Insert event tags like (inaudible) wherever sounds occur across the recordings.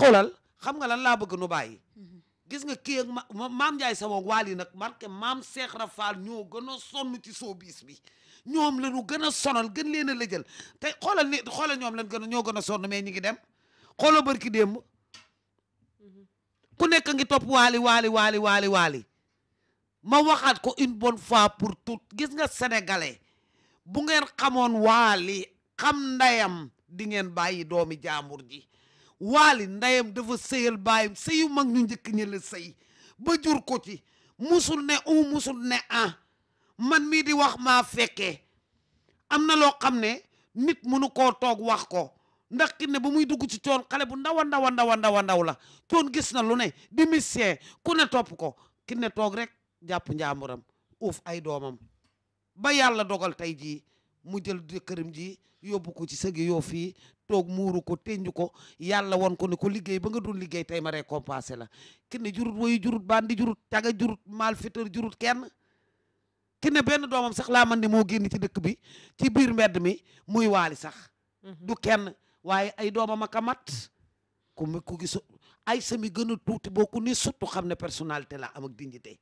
xoolal xam nga lan laa bëgg nu bàyyi. Mhm. gis nga kii ak ma maam Ndiaye sama waal yi nag marqué maam Cheikh Rafal ñoo gën a sonn ci showbiz bi ñoom la ñu gën a sonal gën leen a lëjal te xoolal ni xoolal ñoom lan gën a ñoo gën a sonn mais ñu ngi dem xoolal barki démb mhm. ku nekk ngi topp waali waali waali waali waali ma waxaat ko une bonne fois pour tout gis nga sénégalais bu ngeen xamoon waali xam ndeyam di ngeen bàyyi doomi jaambur ji waali ndeyam dafa sëyal baayam yu mag ñu njëkk ñi la sëy ba jur ko ci musul ne un musul ne an man mii di wax maa fekkee am na loo xam ne nit mënu ko toog wax ko ndax ki ba muy dugg ci coon xale bu ndaw a ndaw a ndaw a ndaw a ndaw la coon gis na lu ne di misien ku ne topp ko ki toog rek jàpp njaamuram uuf ay doomam ba yàlla dogal tey jii mu jël jëkkëram ji yóbbu ko ci sëgi yoo fii toog muuru ko teñu ko yàlla won ko ne ko liggéey ba nga doon liggéey tey ma récompensé la kinne jurut wayu jurut bandi jurut caga jurut malfaiteur jurut kenn kinne benn doomam sax laa man ne moo génn ci dëkk bi ci biir mbedd mi muy waali sax mhm. du kenn waaye ay doomam ak a mat ku mu ku gisu ay sami gën a tuuti boo ku ni surtout xam ne personnalité la am ak dignité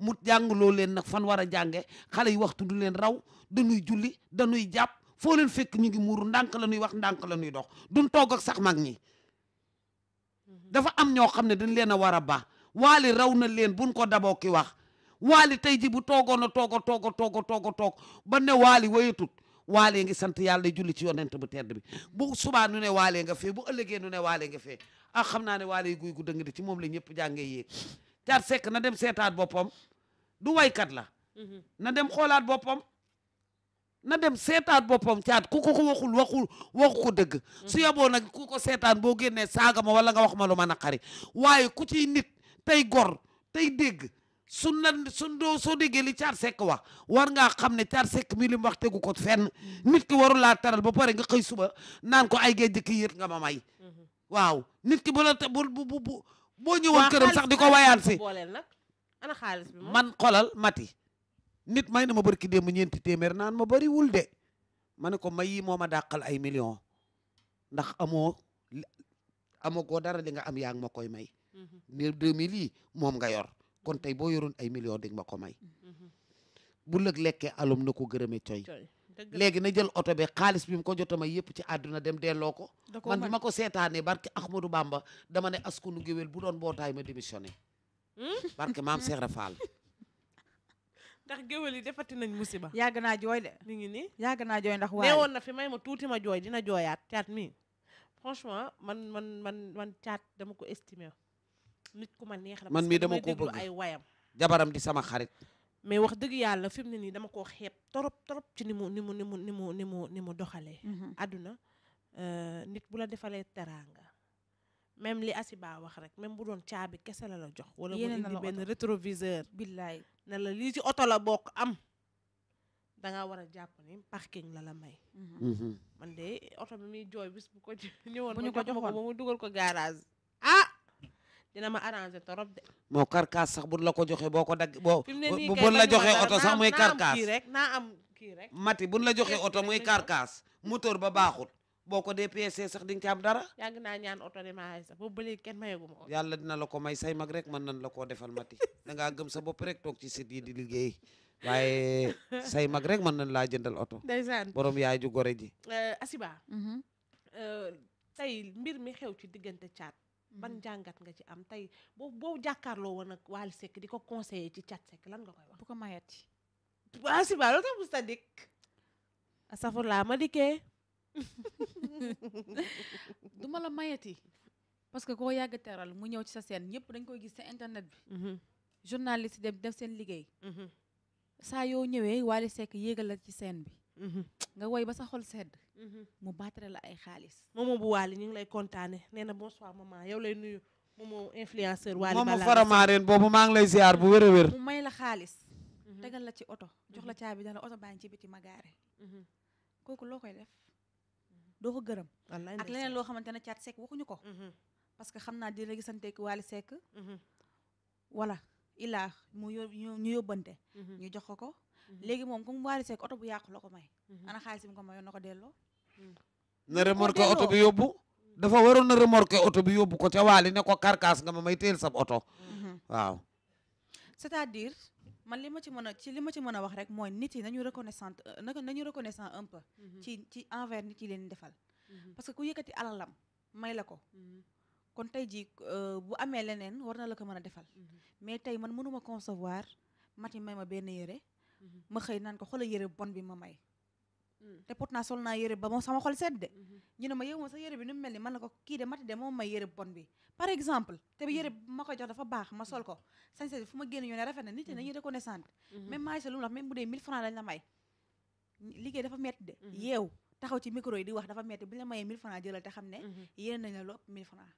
mu jàngloo leen nag fan war a jànge xale yi waxtu du leen raw dañuy julli dañuy jàpp foo leen fekk ñu ngi muuru ndànk la ñuy wax ndànk la ñuy dox duñ togg ak sax mag ñi mhm. dafa am ñoo xam ne dañ leen a war a ba waali raw na leen buñ ko daboo ki wax waali tey ji bu toogoon a toog a toog a toog a toog a toog ba ne waali wayatut waalee ngi sant yàlla julli ci yoon yonent bu tedd bi bu subaa nu ne waalee nga fee bu ëllëgee nu ne waalee nga fee a ah, xam naa ne waalee guy gu dëng di ci moom la ñëpp jàngee yéeg caat sekk na dem seetaat boppam waykat la mhm. na dem seetaan boppam caat ku ko ko waxul waxul waxu ko dëgg su mm-hmm. yaboo nag ku ko seetaan boo génnee saaga ma wala nga wax ma lu a naqari waaye ku ciy nit tey gor tey dégg su nan su doo soo déggee li caat sekk wax war nga xam ne caat sekk mi li mu wax tegu ko fen mm-hmm. nit ki warul laa teral ba pare nga xëy suba naan ko ay géej jëkki yët nga ma may mm-hmm. waaw nit ki bu la bu bu bu boo sax di ko wayaan si xaalis bi man xolal mati nit may na ma barki démb ñeenti téeméer naan ma bariwul de ma ne ko may yi moo ma dàqal ay million ndax amoo goo dara li nga am yaa ngi ma koy may ne mm-hmm. deux moom nga yor kon tey boo yoroon ay million di nga ma ko may mm-hmm. bu lëg lekkee alum na ko gërëme coy léegi na jël oto be xaalis bi ko ko jotama yëpp ci àdduna dem delloo ko man bi ma ko seetaanee barke Ahmadou Bamba dama ne askanu géwél bu doon mbootaay ma démissionné hmm? barke maam Seex (laughs) ndax géwél yi defati nañ musiba. yàgg naa jooy de. mi ngi nii yàgg naa jooy ndax. waaye neewoon na fi may ma tuuti ma jooy dina jooyaat caat mi franchement man man man man caat dama ko estimer nit ku ma neex la. man mii dama ko ay wayam. jabaram di sama xarit. mais wax dëgg yàlla fi mu ne nii dama koo xeeb torop torop ci ni mu ni mu ni mu ni mu ni mu ni mu doxalee. Mhm. àdduna euh, nit bu la defalee teraanga. même li Asiba wax rek même bu doon caabi kese la la jox. wala mu indi benn rétroviseur. billaay na la lii ci oto la bokk am danga war a jàpp ni parking la la may. Mhm. man de oto bi muy jooy bis bu ko ñëwoon. bu ñu ko joxoon ba mu dugal ko garage. ah dina ma arranger torop de. moo carcasse sax bu nu la ko joxe boo ko dagg boo. bu la joxee oto sax muy carcasse naa am kii rek. mati bu la joxee oto muy carcasse (laughs) moteur ba baaxul. boo ko DPC sax di nga ci am dara. yàgg naa ñaan oto de maa sax boobu ba léegi kenn mayagu ma ko. yàlla dina la ko may say mag rek mën nan la koo defal mati da ngaa gëm sa bopp rek toog ci sit yi di liggéey waaye say mag rek mën nan laa jëndal oto. ndeysaan borom yaay ju gore ji. Eh, Asiba. Mm-hmm. Eh, tey mbir mi xew ci diggante caat. ban mm-hmm. jàngat nga ci am tey boo boo jàkkaarloo woon ak Wally Seck di ko conseiller ci Thiat Seck lan nga koy wax. bu ko mayati. waaw Asiba loolu tax mu sadik. asafurlaa ma dikkee. (laughs) du ma la mayati parce que koo yàgg teral mu ñëw ci sa seen ñëpp dañ koy gis ci internet bi mm-hmm. journaliste dem def seen liggéey mm-hmm. saa yoo ñëwee Wally Seck yëgal la ci seen bi mm-hmm. nga woy ba sa xol sedd mu baatare la ay xaalis moom bu Wally ñu ngi lay kontaane nee na bonsoir maman yow lay nuyu moomoo influenceur Wally Ballago moomu faramaareen boobu maa ngi lay ziar bu wér a wér mu may la xaalis tegal la ci oto jox la caabi dana oto baa ngi ci biti magaare kooku loo koy def doo ko gërëm ak leneen loo xamante ne caat sekk waxuñu ko mm-hmm. parce que xam naa di regisanteek Wally Seck mm-hmm. voilà ilaa mu yó ñu yóbbante mm-hmm. ñu jox ko ko léegi moom comme Wally Seck oto bu yàqu la ko may ana xaalis bi mu ko mayoon na ko delloo mm. na remorqué oto bi yóbbu dafa waroon na remorqué oto bi yóbbu ko ca Wally ne ko karkaas nga ma may teel sab oto waaw cest à man li ma ci mën a ci li ma ci mën a wax rek mooy nit yi nañu reconnaissant euh, nañu reconnaissant un peu. Mhm. ci ci envers nit yi leen defal. Mhm. parce que ku yëkkati alalam may la ko. Mhm. kon tey jii euh, bu amee leneen war na la ko mën a defal. mais tey man mënuma concevoir Mati may ma benn yére. ma xëy naan ko xoolal yére bon bi ma may. te mm. pourtant sol naa yére ba moom sama xol sedd de mm-hmm. ma yére bi ni mu mel ni man na ko kii de mati de moom may yére bon bi par exemple te mm-hmm. yére bi ma koy jox dafa baax ma sol ko mm-hmm. sañse bi fu ma génn ñoo ne rafet na nit ñi nañuy reconnaissante même maagi sa lu mu wax même bu dee 1000 francs lañ la may yi di wax dafa metti bu la mayee 1000 francs jëlal te xam ne yéen nañ la lu ëpp 1000 francs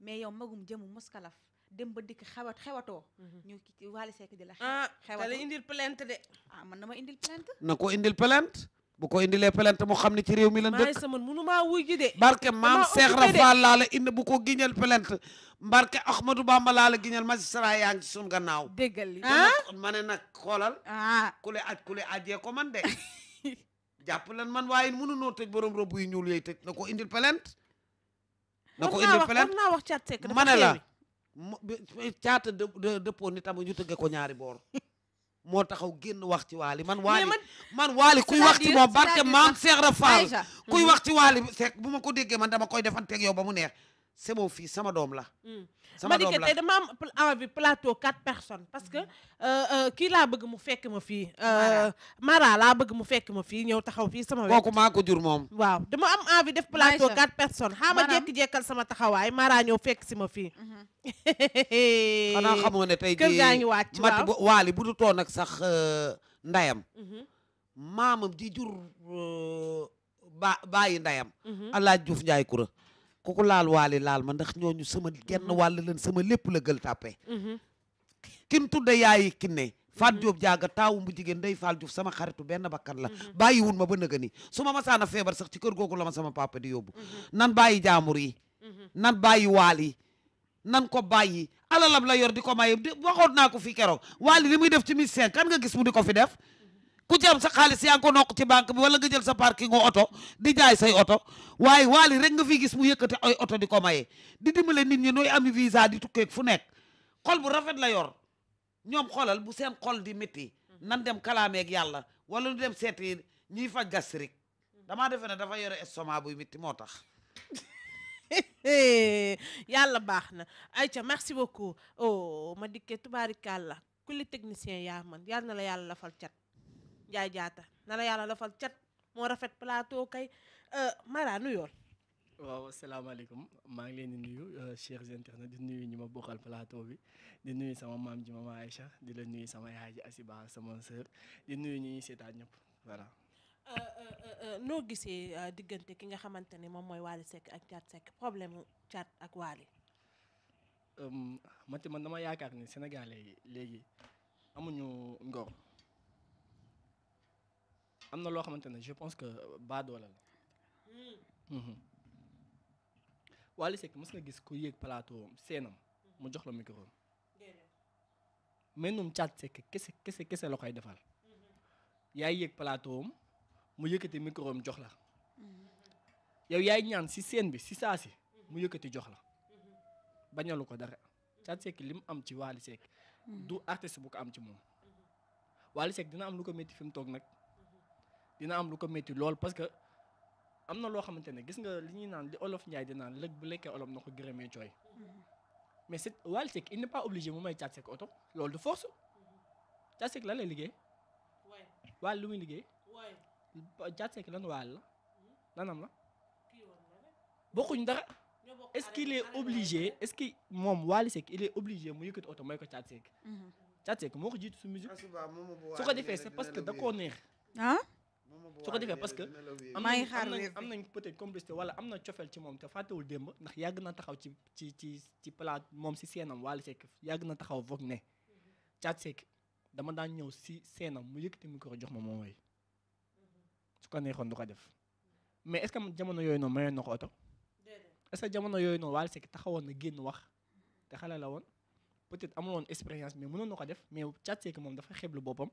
mais yow magum jëmu moskalaf dem ba dikk xewat xewatoo ñu waali seek di la xewatoo ah indil plainte de ah man na ma indil plainte na ko indil plainte bu ko indilee plainte mu xam ne ci réew mi la dëkk sama munu maa wuy ji de barke maam Seex Rafa laa la indi bu ko giñal plainte barke Ahmadou Bamba laa la giñal magistrat yaa ngi gannaaw déggal li ah? ma ne nag xoolal a ah. ku le aj ku le ko man de (laughs) jàpp lan man waaye munu noo tëj borom rob yu ñuul yooyu tëj na ko indil plainte na ko indil plainte naa wax ma ne la caata dépôt ni tam ñu tëgge ko ñaari boor (laughs) moo taxaw génn wax ci waali man waali man waali kuy wax moo moom barke maam Seex Ibra Faal kuy wax ci waali hmm. seek bu ma ko déggee man dama koy defanteeg yow ba mu neex sama fii sama doom la. Hmm. sama doom la ma dama am envie plateau quatre personnes parce que euh, euh, kii laa bëgg mu fekk ma fii. Euh, Mara laa bëgg mu fekk ma fii ñëw taxaw fii sama. kooku maa ko jur moom. waaw dama am envie def plateau quatre personnes. xaa ma jékki-jékkal sama taxawaay Mara ñëw fekk si ma fii. Mhm. (laughs) xanaa xamoo ne tey jii kër gaa ngi wàcc waaw mati waali bu du toon nag sax ndayam. Mhm. maamam di jur ba ndayam. Mhm. Alaaji Diouf Ndiaye Koura. ku ko laal waali laal ma ndax ñooñu sama genn mhm. wàll sama lépp la gël tàppe mhm. kin tudda yaayi kinne mhm. Faat Diop jaaga taawu bu jigéen day Faal Diouf sama xaritu benn bakkan la bàyyiwun ma ba nëga ni su ma masaana feebar sax ci kër googu la ma sama papa di yóbbu nan bàyyi jaamur yi nan bàyyi waal yi nan ko bàyyi alalam la yor di ko maye waxoon naa ko fii keroog waali li muy def ci mi kan gis mu di ko fi def ku ci am sa xaalis yaa ngi ko nokk ci banque bi wala nga jël sa parking oo oto di jaay say oto waaye waali rek nga fi gis mu yëkkati ay oto di ko maye di dimbale nit ñi nooy ami visa di tukkeeg fu nekk xol bu rafet la yor ñoom xolal bu seen xol di métti nan dem kalaameeg yàlla wala nu dem seeti ñuy faj gastrique damaa defe ne dafa yore estomac buy métti moo tax (laughs) yàlla baax na ay Aïcha merci beaucoup oh ma dikkee tubaarikàlla la li technicien yaa man yàlla na la yàlla lafal cat jaay jaata na la yàlla dafal cat moo rafet plateau kay euh, Mara nuyoon. waaw asalaamaaleykum maa ngi leen di nuyu euh, chers internautes di nuyu ñu ma bokkal plateau bi di nuyu sama maam ji mama Aïcha di la nuyu sama yaay ji Asiba sama sœur di nuyu ñi ñuy seetaan ñëpp voilà. Euh, noo gisee diggante ki nga xamante ne moom mooy Wally sekk ak Thiat Seck problème mu ak ak ma man man dama yaakaar ni Sénégalais yi léegi amuñu ngor. am na loo xamante ne je pense que baadoola la. Hmm. Hmm. Wally Seck mës nga gis ku yéeg plateau seenam mu jox la micro. mennum Thiat Seck kese kese kese la koy defal. Hmm. yaay yéeg plateau mu yëkkati micro jox la. yow yaay ñaan si seen bi si saa si mu yëkkati jox la. bañalu ko dara Thiat Seck li mu am ci Wally Seck. du artiste bu ko am ci moom. Wally Seck dina am lu ko métti fi mu toog nag. dina am lu ko métti lool parce que am na loo xamante ne gis nga li ñuy naan li olof Njaay di naan lëg bu lekkee olof na ko gërëmee cooy mais c'est Wally Seck il n'est pas obligé mu may Thiat loolu du force Thiat lan liggéey. waay Wally liggéey. waay Thiat la hmm? nanam la bokkuñ dara. est-ce qu'il est obligé est moom Wally Seck il est obligé mu yëkkati oto may ko Thiat Seck. Mhm. Thiat moo ko jiitu su musique ah, su ko defee c'est parce que da koo neex. Ah? su ko defee parce que maa ngi xaar am nañ peut-être complicité wala am na cofeel ci moom te fàttewul démb ndax yàgg na taxaw ci ci ci ci plat moom si seenam Wally Seck yàgg na taxaw vogue ne Thiat Seck dama daan ñëw si seenam mu yëkkati ko jox ma moom way su ko neexoon du ko def mais est-ce jamono yooyu noonu mayoon na ko oto est-ce jamono yooyu noonu Wally Seck taxawoon na génn wax te xale la woon peut-être amuloon expérience mais mënoon na ko def mais Thiat Seck moom dafa xeblu boppam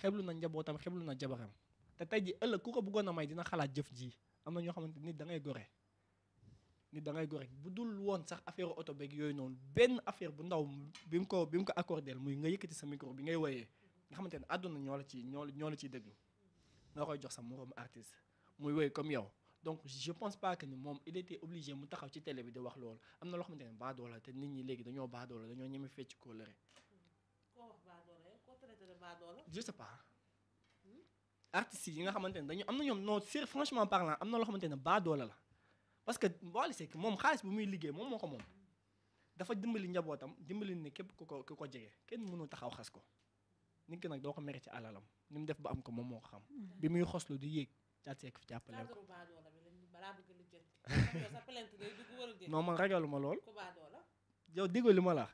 xeblu na njabootam xeblu na jabaram te tey ji ëllëg ku ko bëggoon na may dina xalaat jëf ji am na ñoo xamante nit da ngay gore nit da ngay gore bu dul woon sax affaire oto beeg yooyu noonu benn affaire bu ndaw bi mu ko bi mu ko accordeel muy nga yëkkati sa micro bi ngay woyee nga xamante ne àdduna ñoo la ci ñoo ñoo la ciy déglu nga koy jox sa moroom artiste muy woy comme yow donc je pense pas que ni moom il était obligé mu taxaw ci télé bi di wax loolu am na loo xamante ne baadoola te nit ñi léegi dañoo baadoola dañoo ñeme fecc kóllëre traité de baadoola je sais pas artistes yi nga xamante ne dañu am na ñoom non c'est franchement am na loo xamante ne baadoola la parce que Wally Seck moom xaalis bu muy liggéey moom moo ko moom dafa dimbali njabootam dimbali ne képp ku ko ku ko jege kenn mënu taxaw xas ko nit ki nag doo ko mere ci alalam ni mu def ba am ko moom moo ko xam bi muy xoslu di yéeg caat seek fi jàppale ko (laughs) non man ragaluma lool yow déggoo li ma la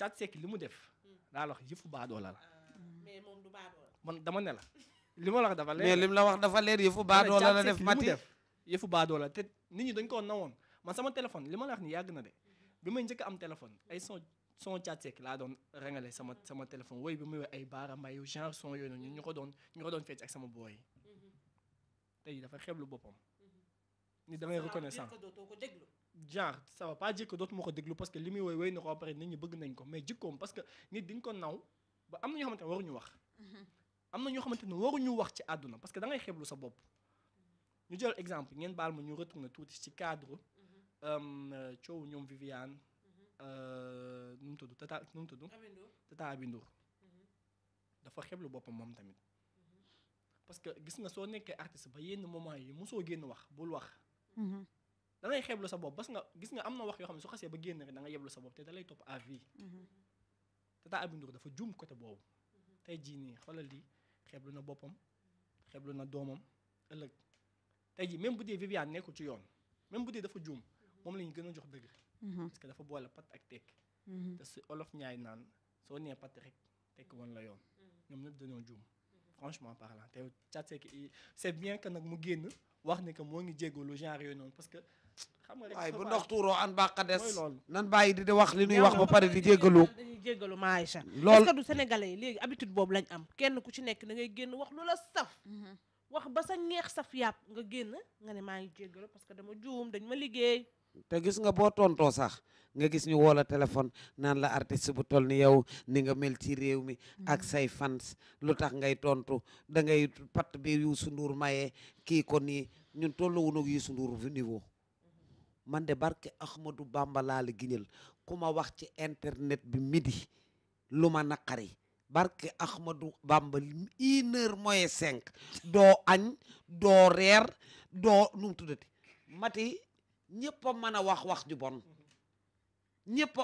caat seek li mu def daa la wax yëfu baadoola la. mais moom du baadoola. man dama ne la. li ma la wax dafa leer mais lim la wax dafa leer yëfu baadoola la def mati yëfu baadoola te nit ñi dañ ko nawoon man sama téléphone li ma la wax ni yàgg na de bi may njëkk am téléphone ay son son Thiat Seck laa doon rengale sama sama téléphone woy bi muy woy ay baara mbay genre son yooyu noonu ñu ko doon ñu ko doon fecc ak sama booy mhm. tey dafa xeblu boppam. Mhm. ni da reconnaissant genre ça va pas dire que dootuma ko déglu parce que li muy woy woy na ko pare nit ñi bëgg nañ ko mais jikkoom parce que nit dañ ko naw ba am na ñoo xamante ne waruñu wax. Mhm. am na ñoo xamante ne waruñu wax ci àdduna parce que da ngay xeblu sa bopp. ñu jël exemple ngeen baal ma ñu retourné tuuti ci cadre. Mhm. Euh, coow ñoom Viviane. Mhm. Euh, nu mu tudd Tata nu mu tudd. Tata Abindour dafa xeblu boppam moom tamit. parce que gis nga soo nekkee artiste ba yenn moment yi mosoo génn wax bul wax. da ngay xeeblu sa bopp parce que gis nga am na wax yoo xam ne su xasee ba génn rek da nga yeblu sa bopp te da lay topp à vie. Mhm. te taa Aby Ndour dafa juum côté boobu. tey jii nii xoolal di xeeblu na boppam xeeblu na doomam ëllëg tey ji même bu dee Viviane nekkul ci yoon même bu dee dafa juum moom la gën a jox dëgg. Mhm. parce que dafa boole pat ak tekk. Mhm. te si olof ñaay naan soo nee pat rek tekk woon la yoon. ñoom ñëpp dañoo juum. franchement parlant te Thiat Seck c'est bien que nag mu génn wax ni que moo ngi jéggalu genre yooyu parce que. xam nga rek waaye bu ndox tuuroo an baax a des. nan yi di wax li ñuy wax ba pare di jéggalu. dañuy jéggalu maa Aïcha. loolu est-ce que du sénégalais yi léegi habitude boobu lañ am kenn ku ci nekk da ngay génn wax lu la saf. Mhm. wax ba sa ñeex saf yàpp nga génn nga ne maa ngi jéggalu parce que dama juum dañ ma liggéey. te gis nga boo tontoo sax nga gis ñu woo la téléphone naan la artiste bu toll ni yow ni nga mel ci réew mi ak mm. say fans lu tax ngay tontu da ngay patt bi Youssou Ndour maye kii ko nii ñun tolluwuñu ak Youssou Ndour niveau man de barke Ahmadou Bamba laa la ku ma wax ci internet bi midi lu ma naqari barke Ahmadou Bamba une heure moins cinq doo añ doo reer doo nu mu mati ñëpp a mën a wax wax ju bon ñëpp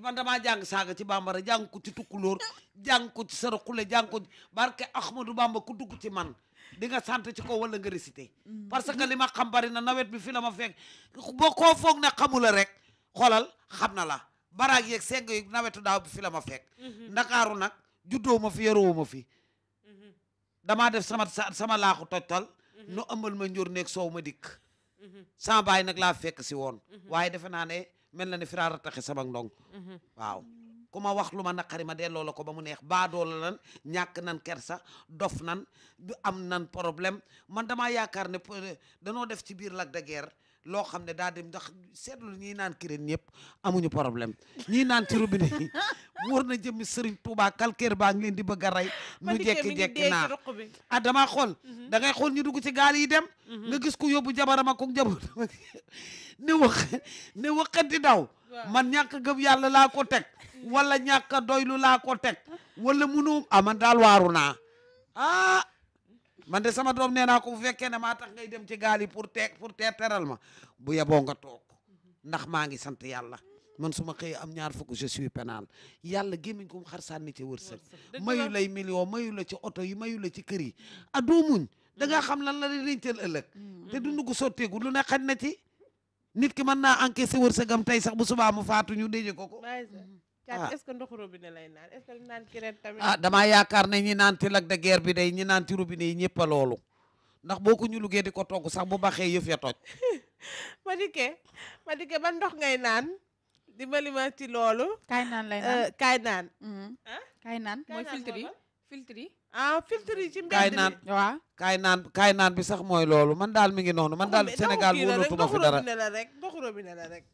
man damaa jàng saaga ci bambara jàng ko ci tukkulóor jàng ko ci saraxule jàng ko barke Ahmadou Bamba ku dugg ci man dinga nga sant ci ko wala nga récité mm. parce que li ma xam bari na nawet bi fi la ma fekk boo koo foog ne xamula rek xoolal xam na la baraag yeeg seng yeeg nawetu daaw bi fi ma fekk mm-hmm. ndakaaru nag juddoo ma fi yaroo ma fi mm-hmm. damaa def sama sama laaxu tojtal mm-hmm. nu amal ma njur neeg soow ma dikk sama baay nag la fekk si woon mhm. waaye defe naa ne mel na ne firaa rattaxe sama ndong mhm. waaw ku ma wax lu ma na ma delloo la ko ba mu neex baadoola lan ñàkk nan kersa dof nan am nan problème man dama yaakaar ne euh, danoo def ci biir Lac de Guiers loo xam ne daa dem ndax seetlu ñiy naan kireen ñëpp amuñu problème ñiy naan ti robinet yi (laughs) wóor na jëmmi Serigne Touba calcaire baa ngi leen di bëgg a rey nu jekki-jekki naa ah damaa xool mhm. da ngay xool ñu dugg ci gaal yi dem mhm. nga gis ku yóbbu ma ko jabar ne wax ne waxati daw man ñàkk gëm yàlla laa ko teg wala ñàkk doylu laa ko teg walla munu aman ah, daal waaru naa ah man de sama doom nee naa ko bu fekkee ne maa tax ngay dem ci gaal yi pour te pour te teral ma bu yeboo nga toog ndax maa ngi sant yàlla man su ma xëyee am ñaar fukk je suis pénal yàlla gémmiñ ko mu xar sànni ci wërsëg mayu lay million mayu la ci oto yi mayu la ci kër yi adoo ah, muñ da nga xam lan la di riñteel ëllëg mm. te dund gu sotteegu lu ne xaj na ci nit ki mën naa encaissé wërsëgam tey sax bu subaa mu faatu ñu déje ko ko ah est-ce que que naan ki ren tamit. ah damaa yaakaar ne ñi naan ci Lac de Guiers bi day ñi naan ci robinet yi ñëpp a loolu ndax boo ko ñu luggee di ko togg sax bu baxee yëf ya toj. (laughs) Madické Madické ban ndox ngay naan dimbali ma ci loolu. kaay naan lay euh, naan kaay mm-hmm. ah? kaay naan mooy filtre yi filtre yi. ah filtre ci mbedd kaay naan waaw kaay naan kaay naan bi sax mooy loolu man daal mi ngi noonu man daal Sénégal wóolatuma fi dara ndoxu robinet rek ndoxu robinet la rek.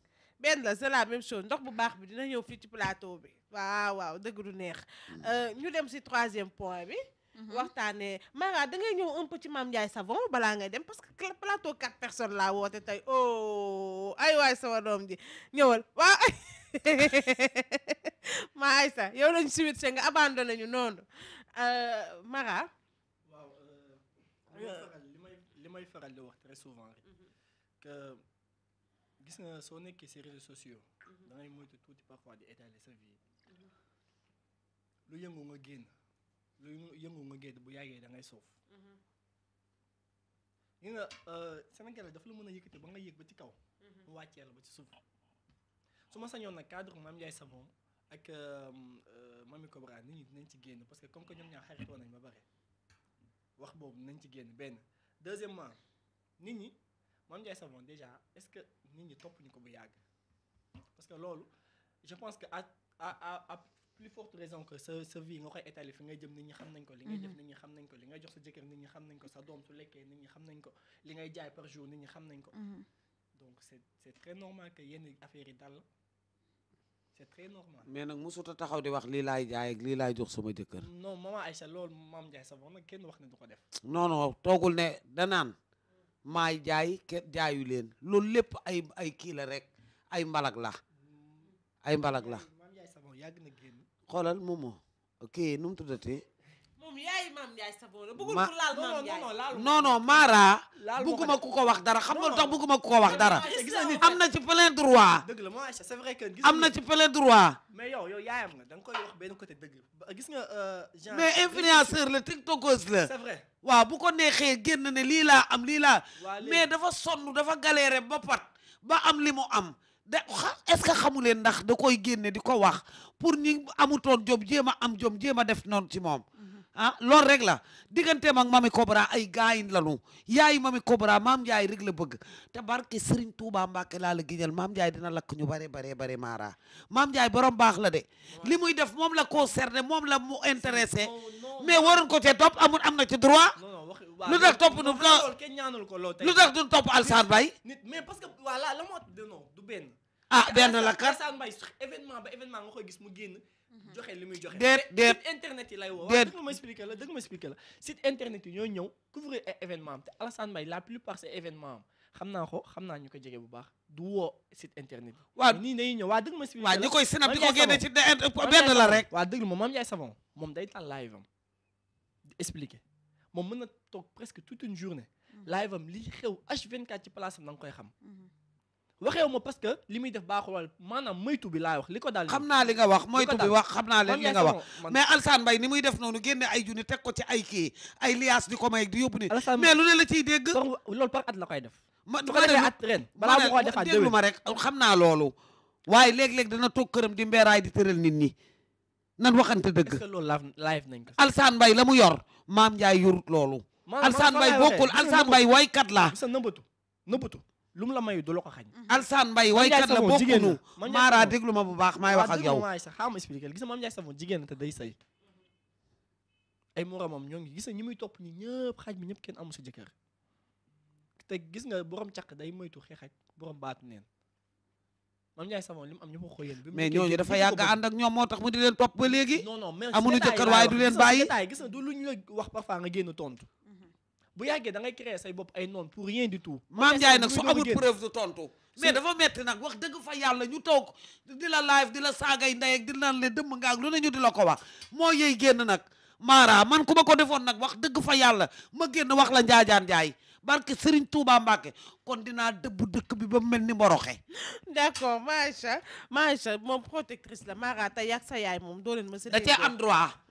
benn la c'est la même chose ndox bu baax bi dina ñëw fii ci plateau bi waaw waaw dëgg du neex mm. euh, ñu dem si troisième point bi mm-hmm. waxtaanee Mara da ñëw ëmp ci Mame Ndiaye Savon balaa ngay dem parce que plateau quatre personnes laa woote tey oh ay waay sama doom ji ñëwal waaw maa ay sa yow lañ suwit se nga abandonné ñu noonu euh, Mara euh, li may faral di wax très souvent mm-hmm. que gis nga soo nekkee si réseaux sociaux. Mhm. da ngay moytu tuuti parfois di étaler sa vie. Mhm. lu yëngu nga génn lu yëngu nga génn bu yàggee da ngay soof. Mhm. gis nga euh, Sénégal dafa la mën a yëkkati ba nga yëg ba ci kaw. mu wàccee la ba ci suuf. su ma sañoon nag cadre Mame Ndiaye Savon ak euh, euh, Mamy Cobra nit ñi dinañ ci génn parce que comme que ñoom ñaar xaritoo nañ ba bare wax boobu nañ ci génn benn deuxièmement nit ñi Mame Ndiaye Savon déjà nit ñi topp ñu ko bu yàgg parce que loolu je pense que ak à à plus forte raison que sa sa vie nga koy étaler fi ngay jëm nit ñi xam nañ ko li ngay mm-hmm. jëf nit xam nañ ko li ngay jox sa jëkkër nit ñi xam nañ ko sa doom su lekkee nit ñi xam nañ ko li ngay jaay par jour nit ñi xam nañ ko mm-hmm. donc c'est c'est très normal que yenn affaires yi dal c'est très normal mais nag mosut a taxaw di wax lii laay jaay ak lii laay jox sama jëkkër non maman sa lool maam Ndiaye sa bopp nag kenn wax ne du ko def non non toogul ne danaan maay jaay ke jaayu leen loolu lépp ay ay kii la rek ay mbalag la ay mbalag la xoolal moomoo ok nu mu tuddati moom yaay maam Ndiaye Savon la bëggul ku laal maam Ndiaye non non Mara. laal bëgguma ku ko wax dara xam nga tax bëgguma ku ko wax dara. am na ci plein droit. dëgg la moom Aïcha c'est vrai que. am na ci plein droit. mais yow yow yaayam nga da nga koy wax benn côté dëgg gis nga. Euh, genre mais influenceur la tiktokeuse la. c'est waaw bu ko neexee génn ne lii laa am lii laa. mais dafa sonn dafa galéré ba pat ba am li mu am. de est-ce que xamu leen ndax da koy génne di ko wax pour ñi amutoon jom jéem a am jom jéem a def noonu ci moom. ah loolu rek la digganteem ak mami Cobra ay gaayin lanu yaay mami Cobra maam Ndiaye rek la bëgg te barke Serigne Touba Mbacke laa la giñal maam Ndiaye dina lakk ñu bare bare bare maara maam Ndiaye borom baax la de. li muy def moom la ko concerné moom la mu intéressé. mais waroon ko cee top amul am na ci droit. lu tax topp nu lu tax duñ topp Alsaan Bay. nit mais parce que voilà la moo non du benn. ah benn la kat Assane Mbaye événement ba événement nga koy gis mu génn. Mhm. joxe li muy joxe. déet déet site internet yi lay woo. déet dëgg ma expliqué la dëgg ma expliqué la site internet e-, la plupart c'est événement xam naa ko xam naa ñu ko jege bu baax du woo site internet yi. waaw nii dañuy ñëw waa dëgg ma ko génne ci benn la ma Mame Ndiaye Savon moom day taal live am di expliqué moom mën na toog presque toute une journée. Mhm. live am li xew H24 ci place am na nga koy xam. Mhm. waxeewu ma parce que li muy def baaxul wala maanaam moytu bi laay wax li ko daal xam naa li nga wax moytu bi wax xam naa leen li nga wax mais Alassane Mbaye ni muy def noonu génne ay junni teg ko ci ay kii ay liaas di ko may di yóbbu ni mais lu ne la ciy dégg loolu par at la koy def ma su ko defee balaa mu koy defaat déglu ma rek xam naa loolu waaye léeg-léeg dana toog këram di mbeeraay di tëral nit ni nan waxante dëgg est-ce que loolu live nañ ko Alassane Mbaye la mu yor maam Ndiaye yorut loolu Alassane Mbaye bokkul Alassane Mbaye waykat la nëbbatu nëbbatu lu la mayu du la ko xañ mm-hmm. alsaan mbay waykat la bokkunu maara déglu ma bu baax maay wax ak yow sax xaama expliqué gis na maam Ndiaye Savon jigéen te day sëy ay moromam ñoo ngi gis na ñi muy topp ñi ñëpp xaj bi ñëpp kenn amu si jëkkër te gis nga borom caq day moytu xeex ak borom baatu neen maam Ndiaye Savon li mu am ñu ma ko yéen mais ñooñu dafa yàgg ànd ak ñoom moo tax mu di leen topp ba léegi non non amuñu jëkkër waaye du leen bàyyi gis na du lu ñu la wax faa nga génn tontu bu yàggee da ngay créer say bopp ay noon pour rien di tout. maam Ndiaye nag so amul preuve du tontu. mais dafa metti nag wax dëgg fa yàlla ñu toog di la live di la saagay ndey ak di naan le dëmm nga ak lu ne ñu di la ko wax moo yëy génn nag. maara man ku ma ko defoon nag wax dëgg fa yàlla ma génn wax la njaajaan njaay barke Serigne Touba Mbacke kon dinaa dëbb dëkk bi ba mel ni mboroxe. (laughs) d'accord maa macha moom protectrice la Mara tey ak sa yaay moom doo leen ma. da cee am droit.